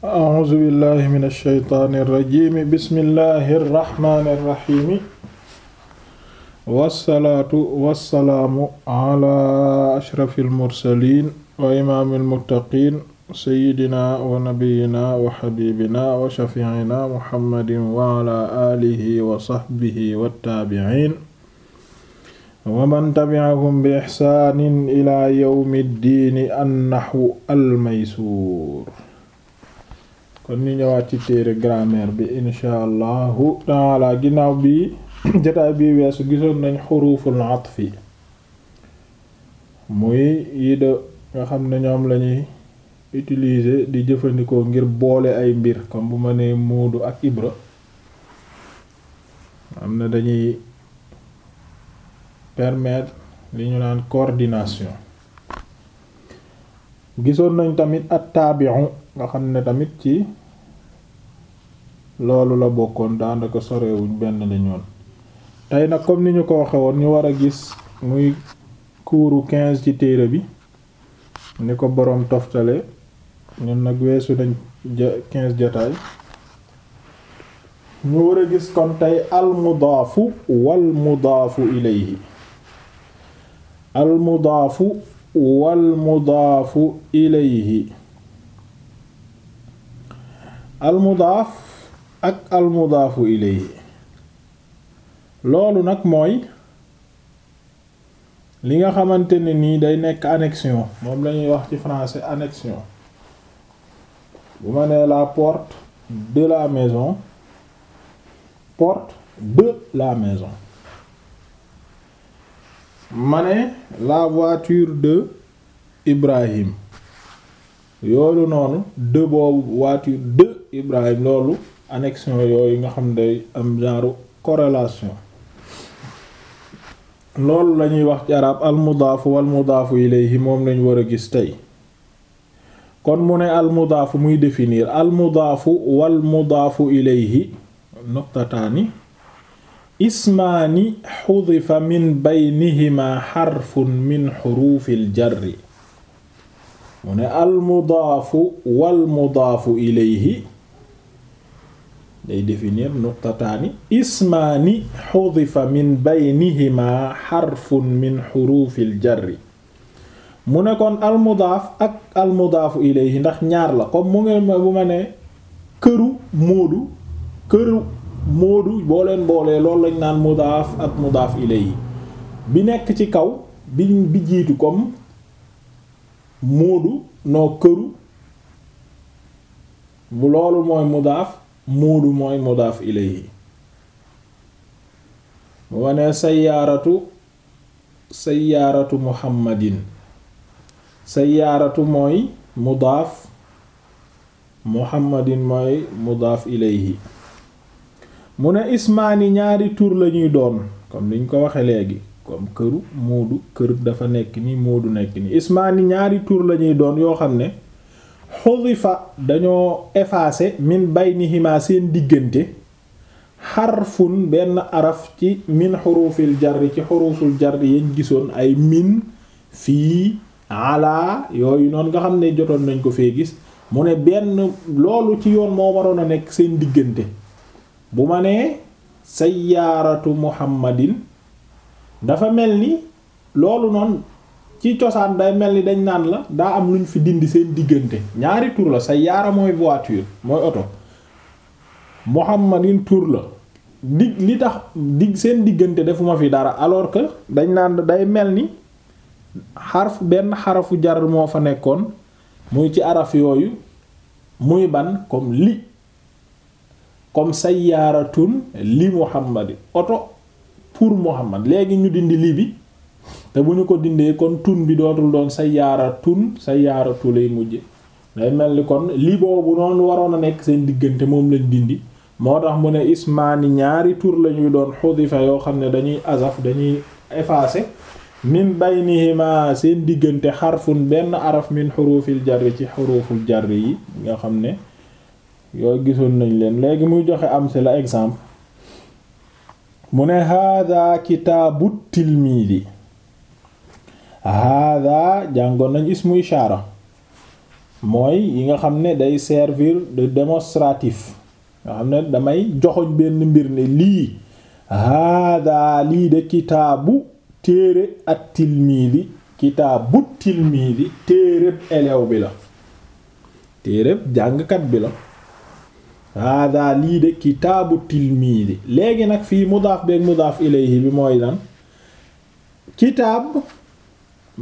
a'uuzu billahi min alsheytaani irrajimi bismillahi irrahmaani irrahimi wassalaatu wassalaamu ala ashrafi almursalin wa imaami almuttaqiin sayidina wa nabiyina wa xabibina wa shafiina muhammadin wa ala alihi wa saxbihi wattaabiciin wa man tabi'ahum bi ixsaanin ila yawmi ddiini annaxwu almaysuur kon ñu ñëwaat ci téere grammaire bi insha allahu taala ginnaaw bi jotaay bi weesu gisoon nañ xuruful atfi muy yi de nga xam ne ñoom lañuy utiliser di jëfandikoo ngir boole ay mbir comme bu ma nee Moodu ak Ibra am na dañuy permettre li ñu naan coordination gisoon nañ tamit at taabi'u nga xam ne tamit ci loolu la bokkoon daanaka sorewuñ benn la tey nag comme ni ñu ko waxe woon ñu war a gis muy kuuru 15 ci téere bi ni ko boroom toftale ñun nag weesu nañ ja 15 jotaay ñu war gis kon tey almudaafu wal mudaafu almudaafu wal mudaafu almudaaf ak al mudaafu ilayhi loolu nag mooy li nga xamante ne nii day nekk annexion moom lañuy wax ci français annexion bu ma nee la porte de la maison porte de la maison ma ne la voiture de Ibrahim yoolu noonu de boobu voiture de Ibrahim loolu annexion yooyu nga xam day am genre corrélation loolu lañuy wax ci arab almudaafu walmudaafu ilayhi moom lañu war a gis tey kon mu ne almudaafu muy definiir almudaafu walmudaafu ilayhi nuqtataani ismaani xudifa min baynihima xarfun min xuruufil jarri mu ne almudaafu walmudaafu ilayhi day définir nuqtataani ismaani xudifa min baynihima xarfun min xuruufil jarri mu ne kon almudaaf ak almudaafu ilayhi ndax ñaar la comme mu ngi bu ma ne këru móodu këru móodu boo leen boolee loolu lañ naan mudaaf ak mudaaf ilayhi bi nekk ci kaw bi bi jiitu comme móodu noo këru bu loolu mooy mudaaf muudu mooy mudaaf ilayhi mu wanee sayaaratu sayaaratu muhammadin sayaaratu mooy mudaaf muhammadin mooy mudaaf ilayhi mu ne ismaani ñaari tuur lañuy doon comme liñ ko waxe léegi comme këru muudu kër dafa nekk ni muudu nekk ni ismaani ñaari tuur lañuy doon yoo xam ne xudifa dañoo effacé min baynihima seen diggante xarfun benn araf ci min xurufil jarri ci xuruful jarri yañ gisoon ay min fii ala yooyu noonu nga xam ne jotoon nañ ko fee gis mu ne benn loolu ci yoon moo waroon a nekk seen diggante bu ma nee sayyaaratu muhammadin dafa mel ni loolu noonu ci cosaan day mel ni dañ naan la daa am lu ñu fi dindi seen diggante ñaari tur la sayyaara mooy voiture mooy oto muhammadin tur la dig li tax dig seen diggante defuma fi dara alors que dañ naan day mel ni xarf benn xarafu jar moo fa nekkoon muy ci araf yooyu muy ban comme li comme sayyaaratun li muhammadin oto pour muhammad léegi ñu dindi li bi te bu ñu ko dindee kon tun bi dootul doon sayyaara tun sayyaara tu lay mujje day mel ni kon li boobu noonu waroon a nekk seen diggante moom lañ dindi moo tax mu ne ismaani ñaari tur lañuy doon xudifa yoo xam ne dañuy azaf dañuy effacé min baynihima seen diggante xarfun benn araf min xurufil jarri ci xuruful jarri yi nga xam ne yooyu gisoon nañ leen léegi muy joxe am si la exemple mu ne hada kitaabu tilmiidi hada jàngoon nañ ismu ishaara mooy yi nga xam ne day servir de démonstratif nga xam ne damay joxoñ benn mbir ne lii hada lii de kitaabu téere at tilmiidi kitaabu tilmiidi téereb élève bi la téereb jàngkat bi la hada lii de kitaabu tilmiidi léegi nag fii mudaaf beeg mudaaf ilayhi bi mooy lan kitaab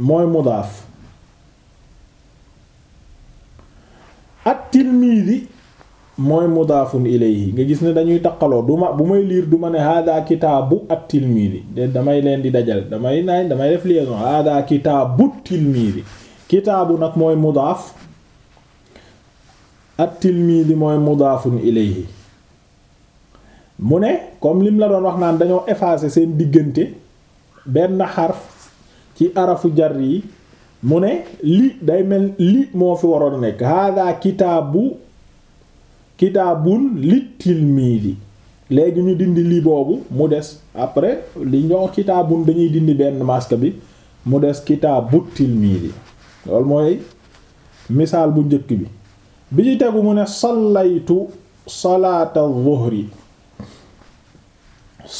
mooy mudaaf at-Tirmidhi mooy mudaafun ilayhi nga gis ne dañuy taqaloo du ma bu may liir du ma ne hada kitaabu at-Tirmidhi damay leen di dajal damay naan damay def liaison hada kitaabu at kitaabu nag mooy mudaaf at-Tirmidhi mooy mudaafun ilayhi mu ne comme lim la doon wax naan dañoo effacer seen diggante benn xar ci arafu jar yi mu ne li day mel li moo fi waroon nekk hada kitaabu kitaabun yi léegi ñu dindi li boobu mu des après li ñoo kitaabun dañuy dindi benn masque bi mu des kitaabu tilmiidi loolu mooy misaal bu njëkk bi bi ci tegu mu ne sallaytu salaata zuhri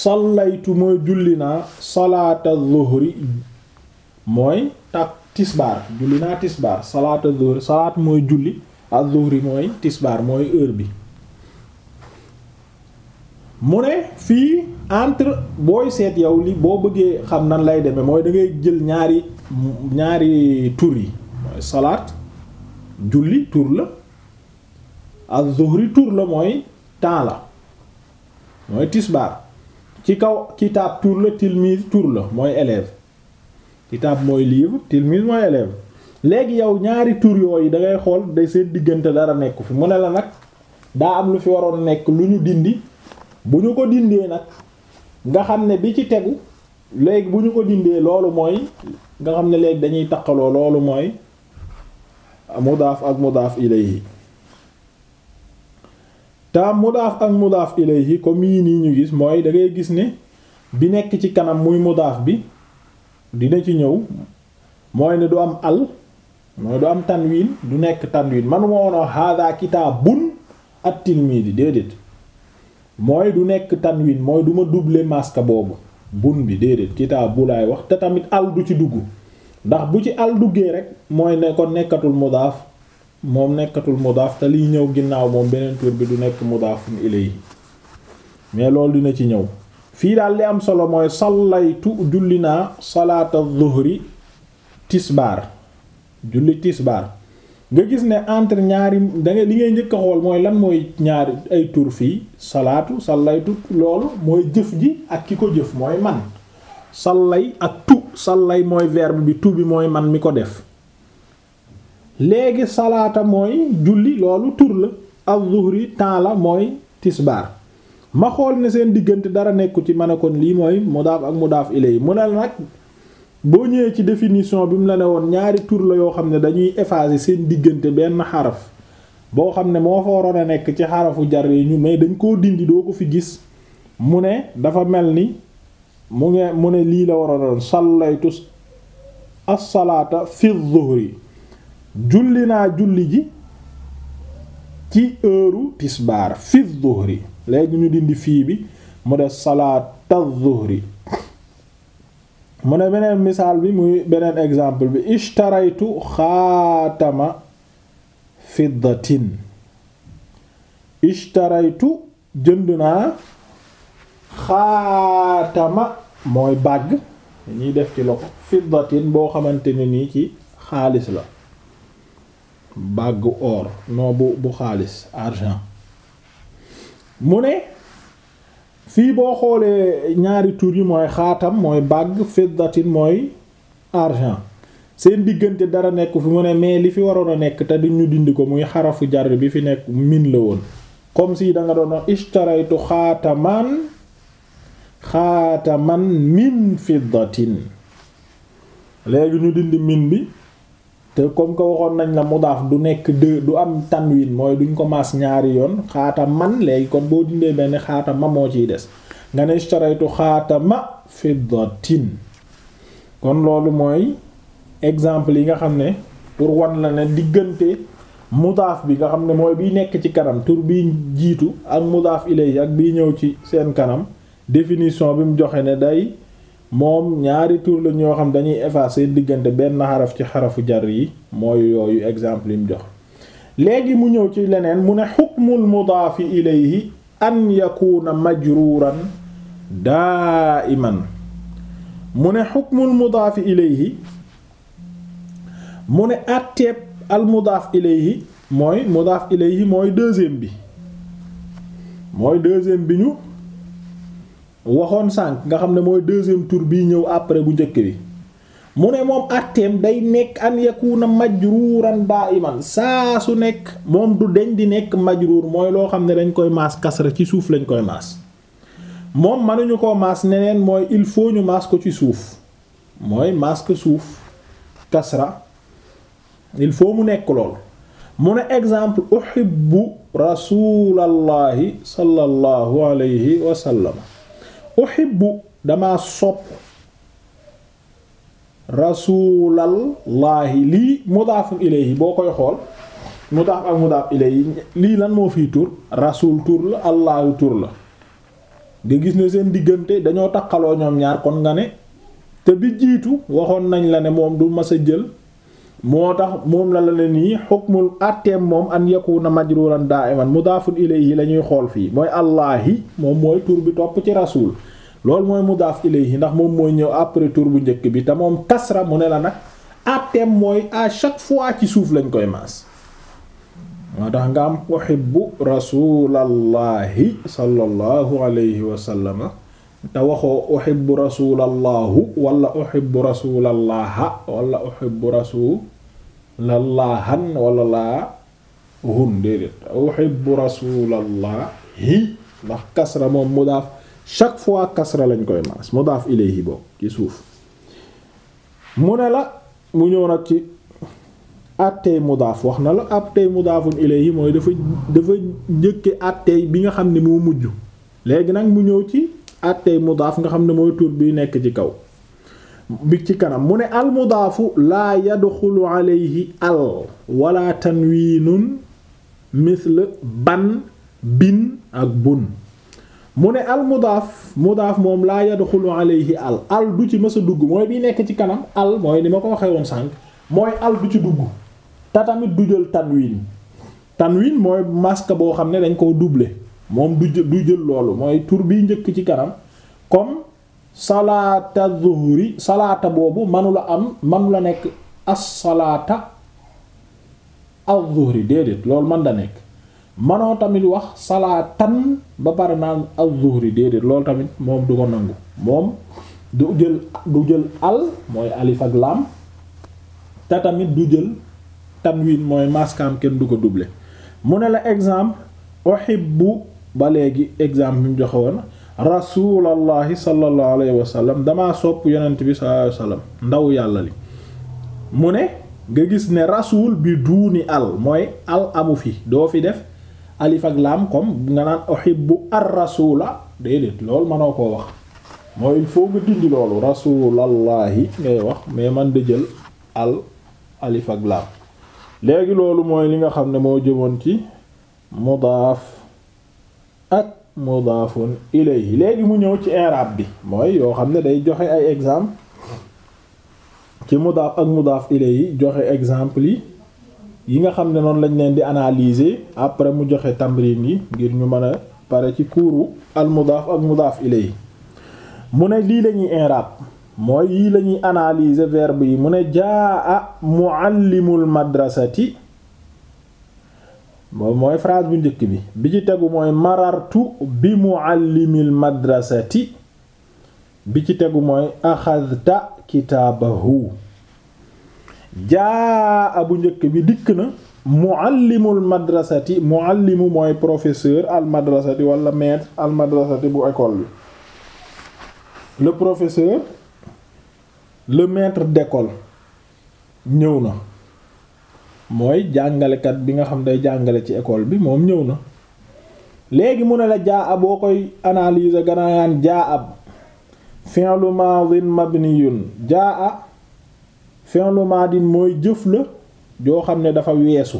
sallaytu mooy julli naa salaata zuhri mooy tak tisbaar julli naa tisbaar salaat az-zuhr salaat mooy julli az-zuhri mooy tisbaar mooy heure bi mu ne fii entre booy seet yow li boo bëggee xam na lay demee mooy dangay jël ñaari ñaari tur yi mooy salaat julli tur la az-zuhri tur la mooy temps la mooy tisbaar ci kaw kitaab tur la tilmiz tur la mooy élève kitaab mooy livre tilmise mooy élève léegi yow ñaari tur yooyu da ngay xool day seen diggante dara nekku fi mu ne la nag daa am lu fi waroon nekk lu ñu dindi bu ñu ko dindee nag nga xam ne bi ci tegu léegi bu ñu ko dindee loolu mooy nga xam ne léegi dañuy taqaloo loolu mooy mudaaf ak mudaaf ilayhi ta mudaaf ak mudaaf ilayhi comme yii nii ñu gis mooy dangay gis ne bi nekk ci kanam muy mudaaf bi dina ci ñëw mooy ne du am al mooy du am tanwin du nekk tanwin man moo no hada kitaabun at-tilmidi déedéet mooy du nekk tanwin mooy du ma doubler masque boobu bun bi déedéet kitaab bu laay wax te tamit al du ci dugg ndax bu ci al duggee rek mooy ne kon nekkatul mudaaf moom nekkatul mudaaf te liy ñëw ginnaaw moom beneen tur bi du nekk mudaafun ilayhi mais loolu dina ci ñëw fii daal li am solo mooy sallaytu julli naa salaata zuhri tisbaar julli tisbaar nga gis ne entre ñaari da li ngay njëkk a xool mooy lan mooy ñaari ay tur fii salaatu sallaytu loolu mooy jëf ji ak ki ko jëf mooy man sallay ak tu sallay mooy verbe bi tu bi mooy man mi ko def léegi salaata mooy julli loolu tur la az-zuhri temps la mooy tisbaar ma xool ne seen diggante dara nekku ci ma ne lii mooy mudaaf ak mudaaf ilay mu ne la nag boo ñëwee ci définition bi mu la ne woon ñaari tur la yoo xam ne dañuy effacer seen diggante benn xaraf boo xam ne moo fa waroon a nekk ci xarafu jar yi ñu mais dañ koo dindi doo ko fi gis mu ne dafa mel ni mu nge mu ne lii la waroon a doon sallaytu as-salaata fi dhuhri julli naa julli ji ci heure tisbaar fi dhuhri léegi ñu dindi fii bi mu salaat salaata zuhri mu ne beneen misaal bi muy beneen exemple bi ishtaraytu xaatama fiddatin ishtaraytu jënd naa xaatama mooy bàgg ñuy def ci loxo fiddatin boo xamante ne nii ci xaalis la bàgg or non bu bu xaalis argent mu ne fii boo xoolee ñaari tur yi mooy xaatam mooy bàgg fiddatin mooy argent seen diggante dara nekk fi mu ne mais li fi waroon a nekk te duñ ñu dindi ko muy xarafu jar bi fi nekk min la woon comme ci danga doon wax ishtaraytu xaataman xaataman min fiddatin léegi ñu dindi min bi te comme que waxoon nañ la mudaaf du nekk deux du am tanwin mooy duñ ko maas ñaari yoon xaata man léegi kon boo dindee ni xaata ma moo ciy des nga ne tu xaata ma fiddatin kon loolu mooy exemple yi nga xam ne pour wan la ne diggante mudaaf bi nga xam ne mooy biy nekk ci kanam tur bi jiitu ak mudaaf ilay ak biy ñëw ci seen kanam définition bi mu joxe ne day moom ñaari tur la ñoo xam dañuy effacer diggante benn xaraf ci xarafu jar yi mooy yooyu exemple yi jox léegi mu ñëw ci leneen mu ne xukmul mudaafi ilayhi an yakuna majruuran daa'iman mu ne xukmul mudaafi ilayhi mu ne àtteeb al mudaaf ilayhi mooy mudaaf ilayhi mooy deuxième bi mooy deuxième bi ñu waxoon sànq nga xam ne mooy deuxième tur bii ñëw après bu njëkk bi mu ne moom atteem day nekk an yakuna majruuran daa iman saa su nekk moom du deñ di nekk majruur mooy loo xam ne dañ koy maas kasra ci suuf lañ koy maas moom ko maas neneen mooy il faut ñu maas ko ci suuf mooy maas ko suuf kasra il faut mu nekk lool mu ne exemple uhibbu rasulallahi sallallahu alayhi wa sallam uhibbu damaa sopp rasulallaahi lii mudaafun yi boo koy xool mudaaf ak mudaaf yi lii lan moo fi tur rasul tur la allaahu tur la nga gis ne seen diggante dañoo taqaloo ñoom ñaar kon nga ne te bi jiitu waxoon nañ la ne moom du mas a jël moo tax moom la la ne nii xukmul àtteem moom an yakuna majruran daa'iman mudaafun ilayhi la ñuy xool fii mooy allaahi moom mooy tur bi topp ci rasul loolu mooy mudaaf ilayhi ndax moom mooy ñëw après tour bu njëkk bi te moom kasra mu ne la nag àtteem mooy à chaque fois ci suuf lañ koy maas moo tax nga am uhibbu rasulallahi sallallahu alayhi wa sallama te waxoo uhibbu rasulallahu wala uhibbu rasulallaha wala uhibbu rasulallaahan rasulallahi ndax kasra moom mudaaf chaque fois kasra lañ koy maas mudaaf ilayhi bokk ci suuf mu ne la mu ñëw nag ci attey mudaaf wax na la attey mudaafun ilayhi mooy dafa dafa njëkke attey bi nga xam ne moo mujj léegi nag mu ñëw ci attey mudaaf nga xam ne mooy tur bi nekk ci kaw bi ci kanam mu ne al mudaafu laa yadxulu alayhi al wala tanwiinun misl ban bin ak bun mu ne al mudaaf mudaaf moom laa yadxulu alayhi al al du ci mës dugg mooy bi nekk ci kanam al mooy ni ma ko waxee woon sànq mooy al du ci dugg te tamit du jël tanwin tanwin mooy masque boo xam ne dañ koo duble moom du jël jël loolu mooy tur bi njëkk ci kanam comme salaata zuhri salaata boobu manula am manula nekk as salaata az zuhri déedéet loolu man da nekk manoo tamit wax salaatan ba pare naan az-zuhri déedéet loolu tamit moom du ko nangu moom du jël du al mooy alif ak lam te tamit du jël tanwin mooy maskam kenn du ko duble mu ne la exemple uhibbu ba léegi exemple bi mu joxe woon rasulallahi sallallahu alayhi wa sallam sopp yonent bi sallallahu alayhi ndaw yàlla li mu ne nga gis ne rasul bi duuni al mooy al amu fi doo fi def alif ak laam comme nga naan uhibbu ar rasula déedéet loolu mënoo koo wax mooy il faut nga dindi loolu rasulallaahi ngay wax mais man da jël al alif ak léegi loolu mooy li nga xam ne moo jëmoon ci mudaaf ak mudaafun ilayhi léegi mu ñëw ci i'rab bi mooy yoo xam ne day joxe ay exemple ci mudaaf ak mudaaf ilayhi joxe exemple yi yi nga xam ne noonu lañ leen di analyser après mu joxe tamrin yi ngir ñu mën a pare ci kuuru al mudaaf ak mudaaf ilay mu ne lii lañuy ñuy i'rab mooy yii lañuy ñuy analyser verbe yi mu ne jaa a muallimul madrasati mooy phrase bu njëkk bi bi ci tegu mooy marartu bi muallimil madrasati bi ci tegu mooy axadta kitaabahu jaa bu njëkk bi dikk na muallimul madrasati muallimu mooy professeur al madrasati wala maître al madrasati bu école bi le professeur le maître d'école ñëw na mooy jàngalekat bi nga xam day jàngale ci école bi moom ñëw na léegi mu ne la jaa ab boo koy analyser ganaayaan jaa ab fi'lu madin mabniyun jaa fi'lu maadin mooy jëf la joo xam ne dafa weesu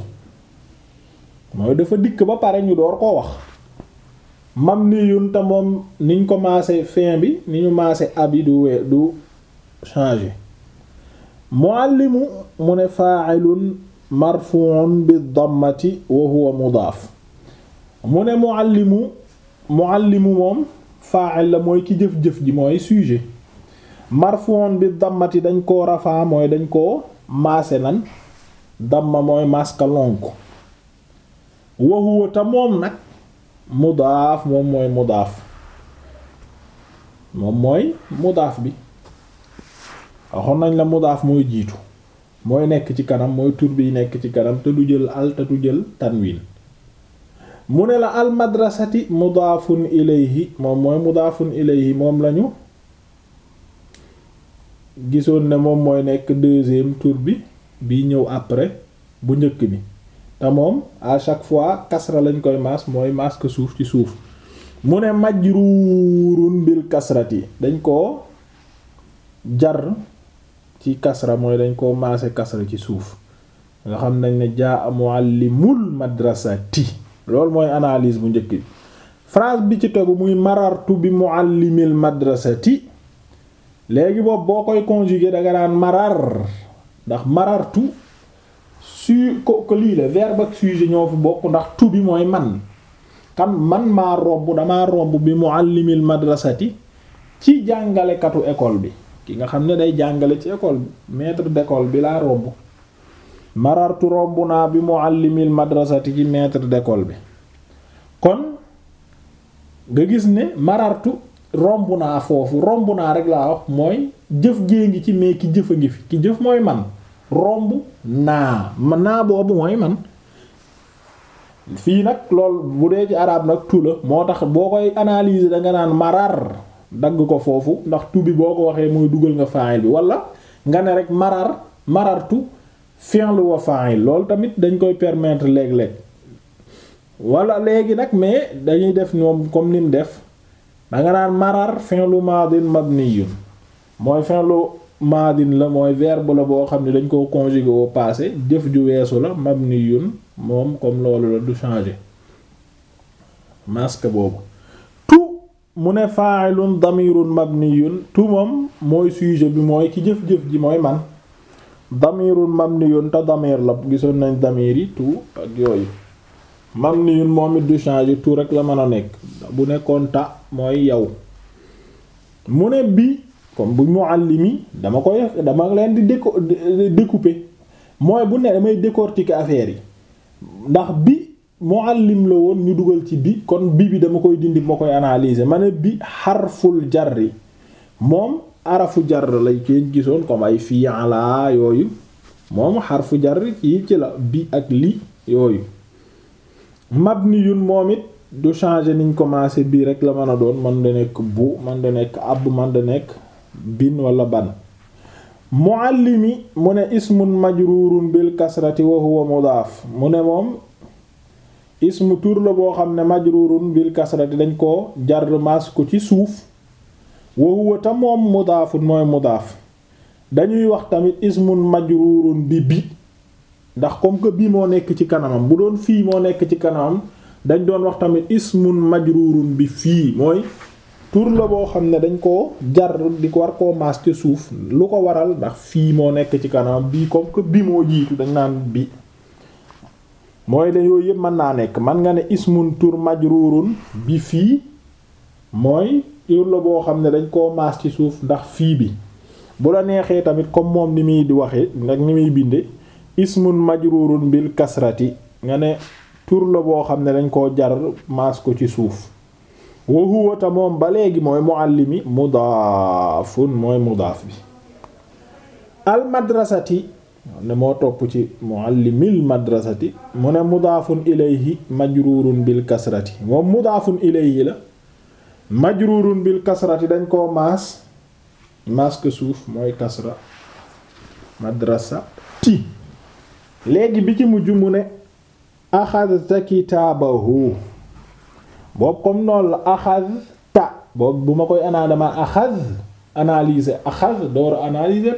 mooy dafa dikk ba pare ñu door koo wax mamniyun ta moom niñ ko maase fin bi niñu ñu maase ab yi du wee du changer muallimu mu ne fa'ilun marfu'un bi dammati wa huwa mudaaf mu ne muallimu muallimu moom fa'il la mooy ki jëf-jëf ji mooy sujet marfon bi dammati dañ koo rafaa dañ koo maase nan damma mooy maska lonk wa huwa ta moom nag mudaaf moom mooy mudaaf bi waxoon nañ la mudaaf mooy jiitu mooy nekk ci kanam mooy tur bi nekk ci kanam te du jël al te du jël tanwin mu ne la al madrasati mudaafun ilayhi moom mooy mudaafun ilayhi moom lañu gisoon ne moom mooy nekk deuxième tour bi bi ñëw après bu njëkk bi te moom à chaque fois kasra lañ koy maas mooy maas ko suuf ci suuf mu ne majruurun bil kasrati dañ koo jar ci kasra mooy dañ koo maase kasra ci suuf nga xam nañ ne jaa muallimul madrasati loolu mooy analyse bu njëkk bi phrase bi ci tegu muy marartu bi muallimil madrasati léegi boobu boo koy conjuguer da nga naan ndax marartu su ko ko lii la verbe ak sujet ñoo fi bokk ndax tu bi mooy man kan man maa romb damaa romb bi muallimil madrasati ci jàngalekatu école bi ki nga xam ne day jàngale ci école bi maître d'école bi laa romb marartu romb naa bi muallimil madrasati ci metre d'école bi kon nga gis ne marartu romb naa foofu romb naa rek laa wax mooy jëf gée gi ci mais ki jëf a ngi fi ki jëf mooy man romb naa naa boobu mooy man fii nag lool bu dee ci arab nag tu moo tax boo koy analyser da nga naan marar dagg ko foofu ndax tu bi boo ko waxee mooy dugal nga fa'il bi wala nga ne rek marar marartu fi'l wa fa'il loolu tamit dañ koy permettre léeg-léeg walla léegi nag mais dañuy def ñoom comme ni mu def danga naan marar fi'lu madin mabniyun mooy fi'lu madin la mooy verbe la boo xam ne dañ koo conjugué au passé jëf ju weesu la ni mabniyun moom comme loolu la du changer masque boobu tu mu ne fa'ilun damirun mabniyun tu moom mooy sujet bi mooy ki jëf-jëf ji mooy man damirun mabniyun te damir la gisoon nañ damir yi tu ak yooyu mam niyun moom it du changer tout rek la mën a nekk bu nekkoon ta mooy yow mu ne bi comme bu muallimi dama koy dama leen di déco découper mooy bu ne damay décortiquer affaire yi ndax bi muallim la woon ñu dugal ci bi kon bi bi dama koy dindi ma koy analyser ma ne bi xarful jar yi moom arafu jar lay kenn gisoon comme ay fii ala yooyu moom xarfu jar ci ci la bi ak lii yooyu mabniyun moom it du changer niñ commencé bii rek la mën a doon mën da nekk bu man da nekk ab man da nekk bin wala ban muallimi mu ne mu ne moom la boo xam ne majrurun bil kasrati dañ ko jar mas ko ci suuf wa huwa moom mudaafun mooy mudaaf dañuy wax tamit ismun majrurun bi bi ndax comme que bii moo nekk ci kanamam bu doon fii moo nekk ci kanamam dañ doon wax tamit ismun majrurun bi fii mooy tur boo xam ne dañ ko jar di ko war koo maas ci suuf lu ko waral ndax fii moo nekk ci kanamam bii comme que bi moo jiitu dañ naan bi mooy ne yooyu yëpp mën naa nekk mën nga ne ismun tur majrurun bi fii mooy tur boo xam ne dañ koo maas ci suuf ndax fii bi bu la neexee tamit comme moom ni muy di waxee nag ni muy binde ismun majrurun bil kasrati nga ne tur boo xam ne dañ koo jar maas ko ci suuf wa huwa moom ba léegi mooy muallimi mudaafun mooy mudaaf bi al madrasati ne ci muallimil madrasati mu ne mudaafun ilayhi majrurun bil kasrati moom mudaafun ilayhi la majrurun bil kasrati dañ koo maas maas ko suuf mooy kasra madrasati léegi bi ci mujj mu ne axadta kitaabahu boobu comme noonu la axadta boobu bu ma koy anaa dama axad analyser axad door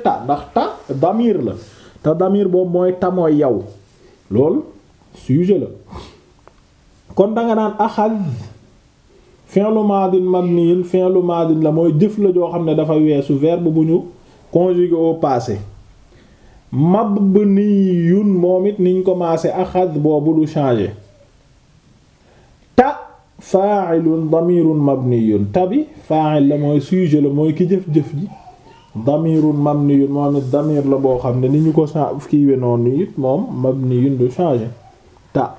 ta ndax ta damir la te damir boobu mooy ta mooy yow loolu sujet la kon danga naan axad fi'lu madin mabniin fi'lu madin la mooy jëf la joo xam ne dafa weesu verbe bu ñu conjugué au passé mabniyun moom it niñ commencé axad boobu du changé ta fa'ilun damirun mabniyun ta bi fa'il la mooy sujet la mooy ki jëf-jëf ji damirun mabniyun moom it damir la boo xam ne ni ñu ko change kiiwe noonu it moom mabniyun du changé ta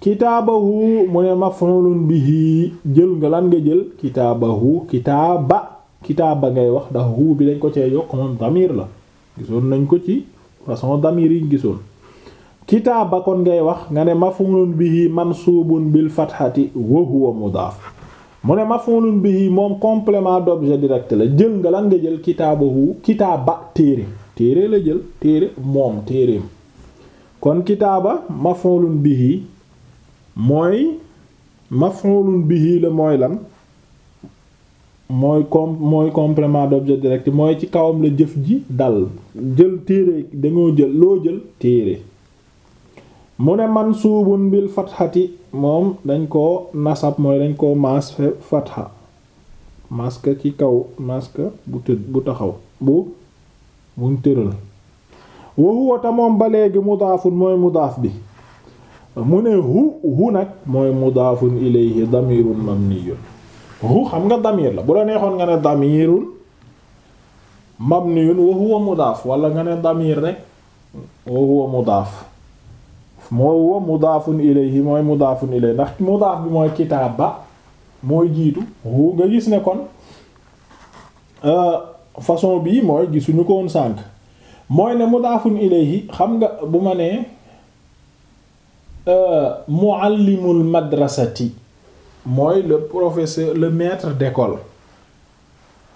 kitaabahu mu ne maf'ulun bihi jël nga lan nga jël kitaabahu kitaaba kitaaba ngay wax ndax hu bi dañ ko cee yokk moom la gisoon nañ ko ci façon damir yi gisoon kitaaba kon ngay wax nga ne maf'ulun bihi mansuubun bil fathati wa huwa mudaaf mu ne maf'ulun bihi moom complément d'objet direct la jël nga lan nga jël kitaabahu kitaaba téere téere la jël téere moom téereem kon kitaaba maf'ulun bihi mooy maf'ulun bihi la mooy lan mooy com mooy complément d'objet direct mooy ci kawam la jëf ji dal jël téere dañoo jël loo jël téere mu ne man mansuubun bil fatxati moom dañ ko nasab mooy dañ ko maas fatxa maska ci kaw maska bu taxaw bu buñ tëral wa huwa moom ba léegi mudaafun mooy mudaaf bi mu ne hu hu nag mooy mudaafun ilayhi damirun mamniyun hu xam nga damir la bu la neexoon nga ne damirun mabniyun wa mudaaf wala nga ne damir rek wa huwa mudaaf moo huwa mudaafun ilayhi mooy mudaafun ilayhi ndax mudaaf bi mooy kitaaba mooy jiitu hu nga gis ne kon euh, façon bii mooy gisuñu ko woon sànk mooy ne mudaafun ilayhi xam nga bu ma nee euh, muallimul madrasati mooy le professeur le maître d'école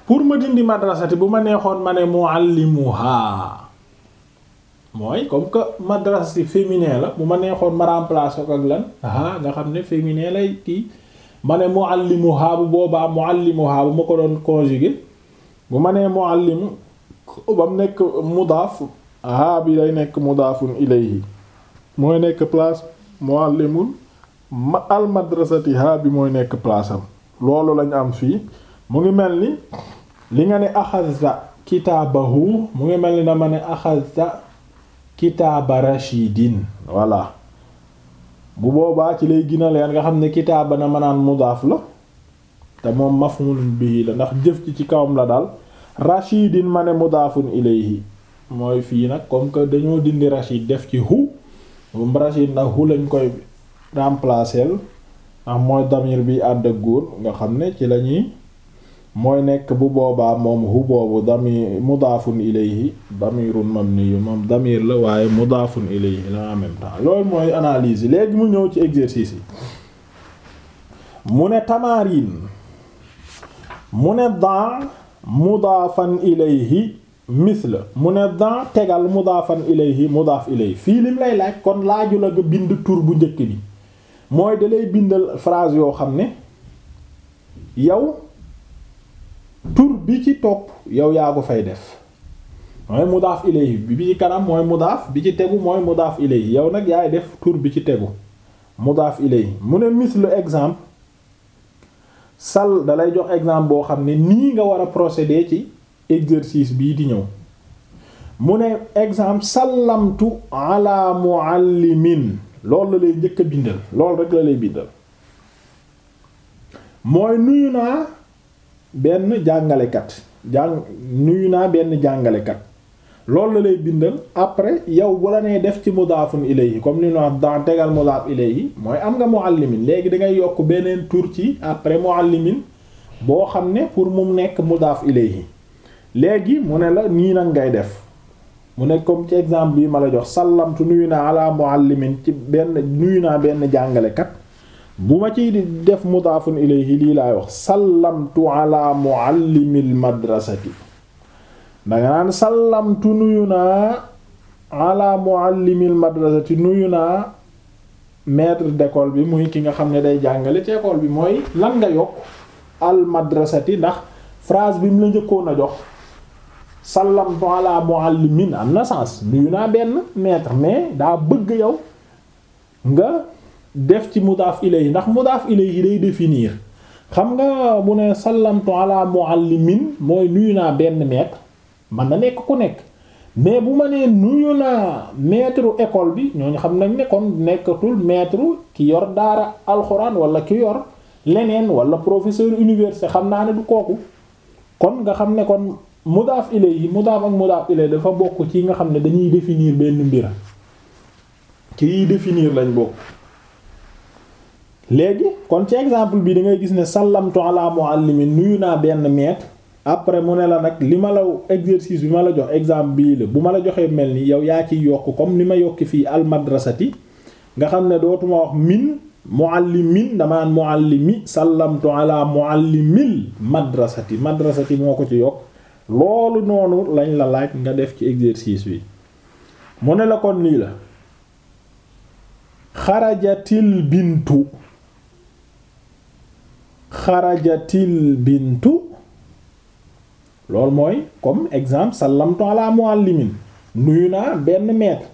pour ma dindi madrasati bu ma neexoon ma ne muallimuha mooy comme que madrasati féminin la bu ma neexoon ma remplacer ko ak lan ah nga xam ne féminin lay kii ma ne muallimuha bu boobaa muallimuha bu ma ko doon conjuguer bu ma nee muallimu ba mu nekk mudaaf haa bi day nekk mudaafun ilayhi mooy nekk place muallimul ma al bi mooy nekk place loolu lañ am fii mu ngi mel ni li nga ne axasta kitaabahu mu ngi mel ni dama ne axasta kitaaba rashidin voilà bu boobaa ci lay gina leen nga xam ne kitaaba na mënaan mudaaf la te moom maf'ulun bihi la ndax jëf ci ci kawam la daal rashidin ma ne mudaafun ilayhi mooy fii nag comme que dañoo dindi rashid def ci hu moom rashid nag hu lañ koy remplacer ndax ah, mooy damir bi àdd ak góor nga xam ne ci lañuy mooy nekk bu boobaa moom hu boobu damir mudaafun ilayhi damirun mabniyun moom damir la waaye mudaafun ilayhi la en même temps loolu mooy analyse yi léegi mu ñëw ci exercice yi mu ne tamarin mu ne dan mudaafan ilayhi misla mu ne dan tegal mudaafan ilayhi mudaaf ilayhi fii li lay laaj kon laaju la bind tur bu njëkk bi mooy da lay bindal phrase yoo xam ne yow tur bi ci topp yow yaa ko fay def mooy mudaaf ilayhi bi ci kanam mooy mudaaf bi ci tegu mooy mudaaf ilayhi yow nag yaay def tur bi ci tegu mudaaf ilayhi mu ne mislu exemple sal dalay jox exemple boo xam ne nii nga war a procéder ci exercice bii di ñëw mu ne exemple sallamtu ala muallimin loolu la lay njëkk a bindal loolu rek la lay bindal mooy nuyu naa benn jàngalekat jàng nuyu naa benn jàngalekat loolu la lay bindal après yow bu la nee def ci mudaafun ilayhi comme li ñu wax dans tegal mudaaf ilayhi mooy am nga muallimin léegi da ngay yokk beneen tur ci après muallimin boo xam ne pour mu nekk mudaaf ilayhi léegi mu ne la nii nag ngay def. mu ne comme ci exemple bii ma la jox sàllamtu nuyu naa ala muallimin ci benn nuyu naa benn jàngalekat bu ma ciy def mudaafun ilayhi lii laay wax sàllamtu ala muallimil madrasati danga naan sàllamtu nuyu naa ala muallimil madrasati nuyu naa maître d'école bi muy ki nga xam ne day jàngale ci école bi mooy lan nga yokk al madrasati ndax phrase bi mu la njëkkoon a jox sallamtu ala muallimin am na sens nuyu naa benn maître mais daa bëgg yow nga def ci mudaaf ilayhi ndax mudaaf ilayhi day définir xam nga bu ne sallamtu ala muallimin mooy nuyu naa benn maître man na nekk ku nekk mais bu ma nee nuyu naa maître école bi ñooñu xam nañ ne kon nekkatul maître ki yor daara alxuraan wala ki yor leneen wala professeur université xam naa ne du kooku kon nga xam ne kon mudaaf ilayhi mudaaf ak mudaaf ilayhi dafa bokk ci nga xam ne dañuy définir benn mbir ci yiy définir lañ bokk léegi kon ci exemple bi da ngay gis ne sallamtu ala muallimin nuyu naa benn maître après mu ne la nag li ma la exercice bi ma la jox exemple bii la bu ma la joxee mel ni yow yaa ci yokk comme li ma yokki fii almadrasati nga xam ne dootuma wax min muallimin damaan muallimi sallamtu ala muallimil madrasati madrasati moo ko ci yokk loolu noonu lañ la laaj nga def ci exercice bi mu ne la kon lii la xarajatil bintu xarajatil loolu mooy comme exemple sallamtu ala muallimin nuyu naa benn maître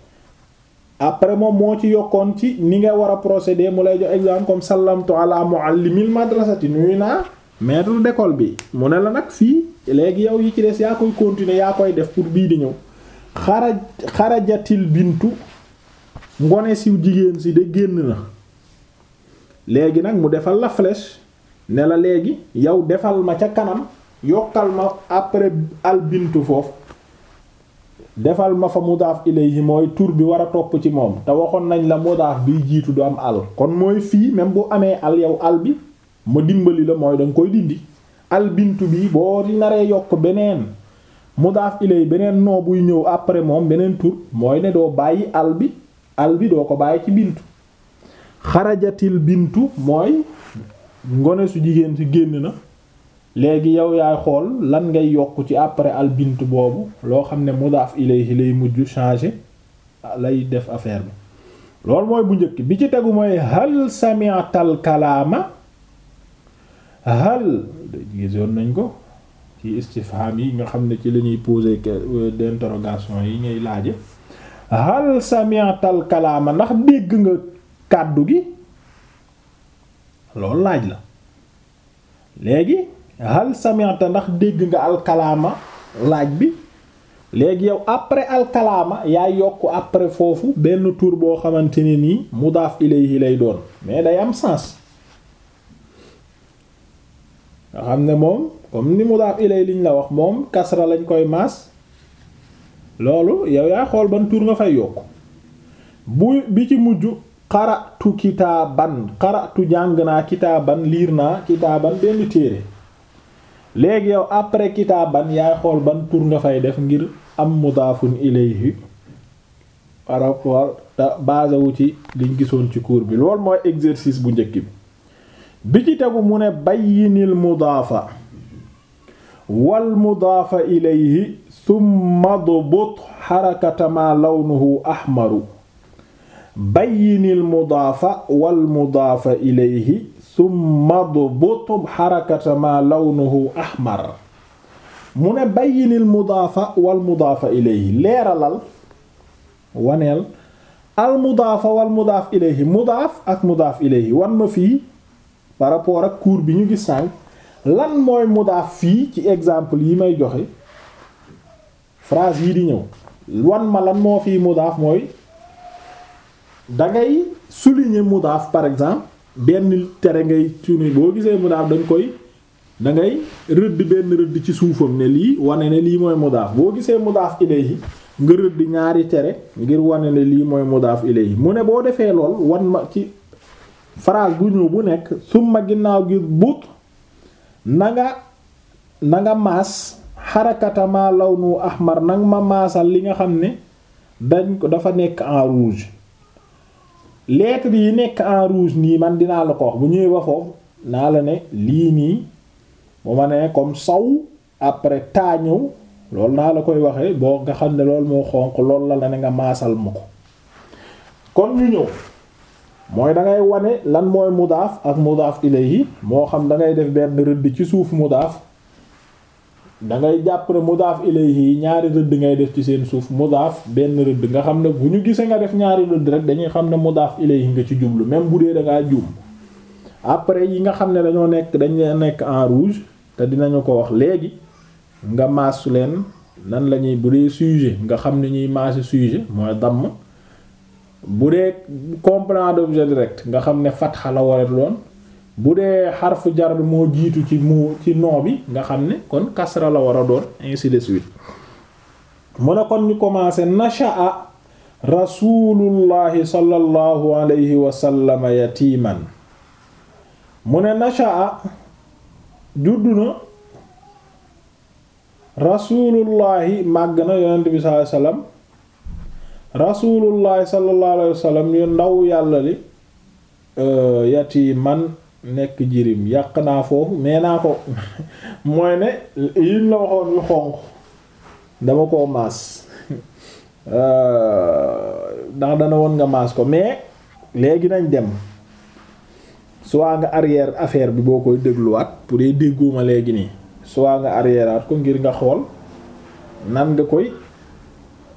après moom moo ci yokkoon ci ni nga war a procéder mu lay jox exemple comme sallamtu ala muallimil madrasati nuyu naa maître d'école bi mu ne la nag fii léegi yow yi ci des yaa koy continuer yaa koy def pour bii di ñëw xaraj xarajatil bintu ngone siw jigéen si de génn na léegi nag mu defal la flèche ne la léegi yow defal ma ca kanam yokkal ma après al bintu foofu defal ma fa mudaaf ilayhi mooy tur bi war a topp ci moom te waxoon nañ la mudaaf biy jiitu du am al kon mooy fii même bu amee al yow al bi ma dimbali la mooy da nga koy dindi albintu bi boo di naree yokk beneen mudaaf ilay beneen noo buy ñëw après moom beneen tur mooy ne doo bàyyi al bi al bi doo ko bàyyi ci bintu xarajatil bintu mooy ngone su jigéen ci génn na léegi yow yaay xool lan ngay yokk ci après al bintu boobu loo xam ne mudaaf ilayhi lay mujj changer lay def affaire bi loolu mooy bu njëkk bi ci tegu mooy hal sami'tal kalaama hal gisoon nañ ko ci istifham yi nga xam ne ci lañuy poser question euh, d'interrogation yi ngay laaje hal sami'tal kalaama ndax dégg nga kàddu gi loolu laaj la léegi hal sami'ta ndax dégg nga alkalaama laaj bi léegi yow après alkalaama yaa yokk après foofu benn tour boo xamante ne nii mudaaf ilayhi lay doon mais day am sens nga xam ne moom comme ni mudaaf ilay liñ la wax moom kasra lañ koy maas loolu yow yaa xool ban tur nga fay yokk bu bi ci mujj xaratu kitaaban xaratu jàng naa kitaaban liir naa kitaaban benn téere léegi yow après kitaaban yaay xool ban tur nga fay def ngir am mudaafun ilayhi par rapport te basé liñ gisoon ci cours bi loolu mooy exercice bu njëkk bi bi ci tegu mu ne bayyinil mudaafa wal mudaafa ilayhi summa dubut xarakata ma lawnuhu ahmaru bayyinil mudaafa wal mudaafa ilayhi summa dubut xarakata ma lawnuhu ahmar mu ne bayyinil mudaafa wal mudaafa ilayhi leeralal waneel al mudaafa wal mudaaf ilayhi mudaaf ak mudaaf ilayhi wan ma fii par rapport ak cours bi ñu gis sànq lan mooy mudaaf fii ci exemple yi may joxe phrase yi di ñëw wan ma lan moo fii mudaaf mooy dangay souligner mudaaf par exemple benn tere ngay suni boo gisee mudaaf dañ koy dangay rëdd benn rëdd ci suufam ne lii wane ne lii mooy mudaaf boo gisee mudaaf ilayhi nga rëdd ñaari tere ngir wane ne lii mooy mudaaf ilayhi mu ne boo defee lool wan ma ci phrase bu ñëw bu nekk summa ginnaaw gi buut nanga nanga maas xarakatamaa law nu ahmar nang ma maasal li nga xam ne dañ ko dafa nekk en rouge lettres yi nekk en rouge nii man dinaa la ko wax bu ñuy waxoo naa la ne lii nii bu ma ne comme saw après taa ñëw loolu naa la koy waxee boo nga xam ne loolu moo xonq loolu la la ne nga maasal ma ko kon ñu ñëw mooy da ngay wane lan mooy mudaaf ak mudaaf ilayhi moo xam da ngay def benn rëdd ci suuf mudaaf da ngay jàpp ne mudaaf ilayhi ñaari rëdd ngay def ci seen suuf mudaaf benn rëdd nga xam ne bu ñu gisee nga def ñaari rëdd rek dañuy xam ne mudaaf ilayhi nga ci jublu même bu dee da ngaa juum après yi nga xam ne dañoo nekk dañ nekk en rouge te dinañu ko wax léegi nga maas leen nan la ñuy bu dee sujet nga xam ne ñuy maase sujet mooy dàmm bu dee complément d'objet direct nga xam ne fatxa la war a bu dee xarfu jar bi moo jiitu ci mu ci noo bi nga xam ne kon kasra la war a doon ainsi de suite mu kon ñu commencé nasha'a rasulullahi sallallahu alayhi wa sallam yatiman mu ne nasha'a juddu na rasulullahi màgg na yonent bi sallallahu alayhi rasuulullahi sallallahu alayhi wasallam yu ndaw yàlla li euh, man nekk jirim yàq naa foofu mais naa ko mooy ne yiñ la waxoon xonq dama koo maas euh, ndax dana woon nga maas ko mais léegi nañ dem soit nga arrière affaire bi boo koy dégluwaat pour dee dégguma léegi nii soit nga arrière ko ngir nga xool nan nga koy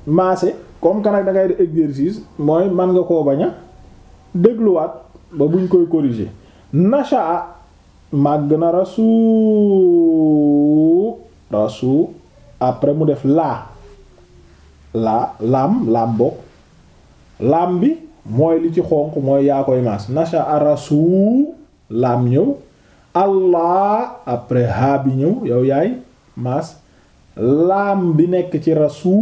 maase comme que nag da exercice mooy man nga koo bañ dégluwaat ba buñ koy corriger nasha màgg na rasu rasu après mu def laa laa laam laam bokk laam bi mooy li ci xonq mooy yaa koy maas nasha a rasu laam ñëw allah après haa ñëw yow yaay maas laam bi nekk ci rasu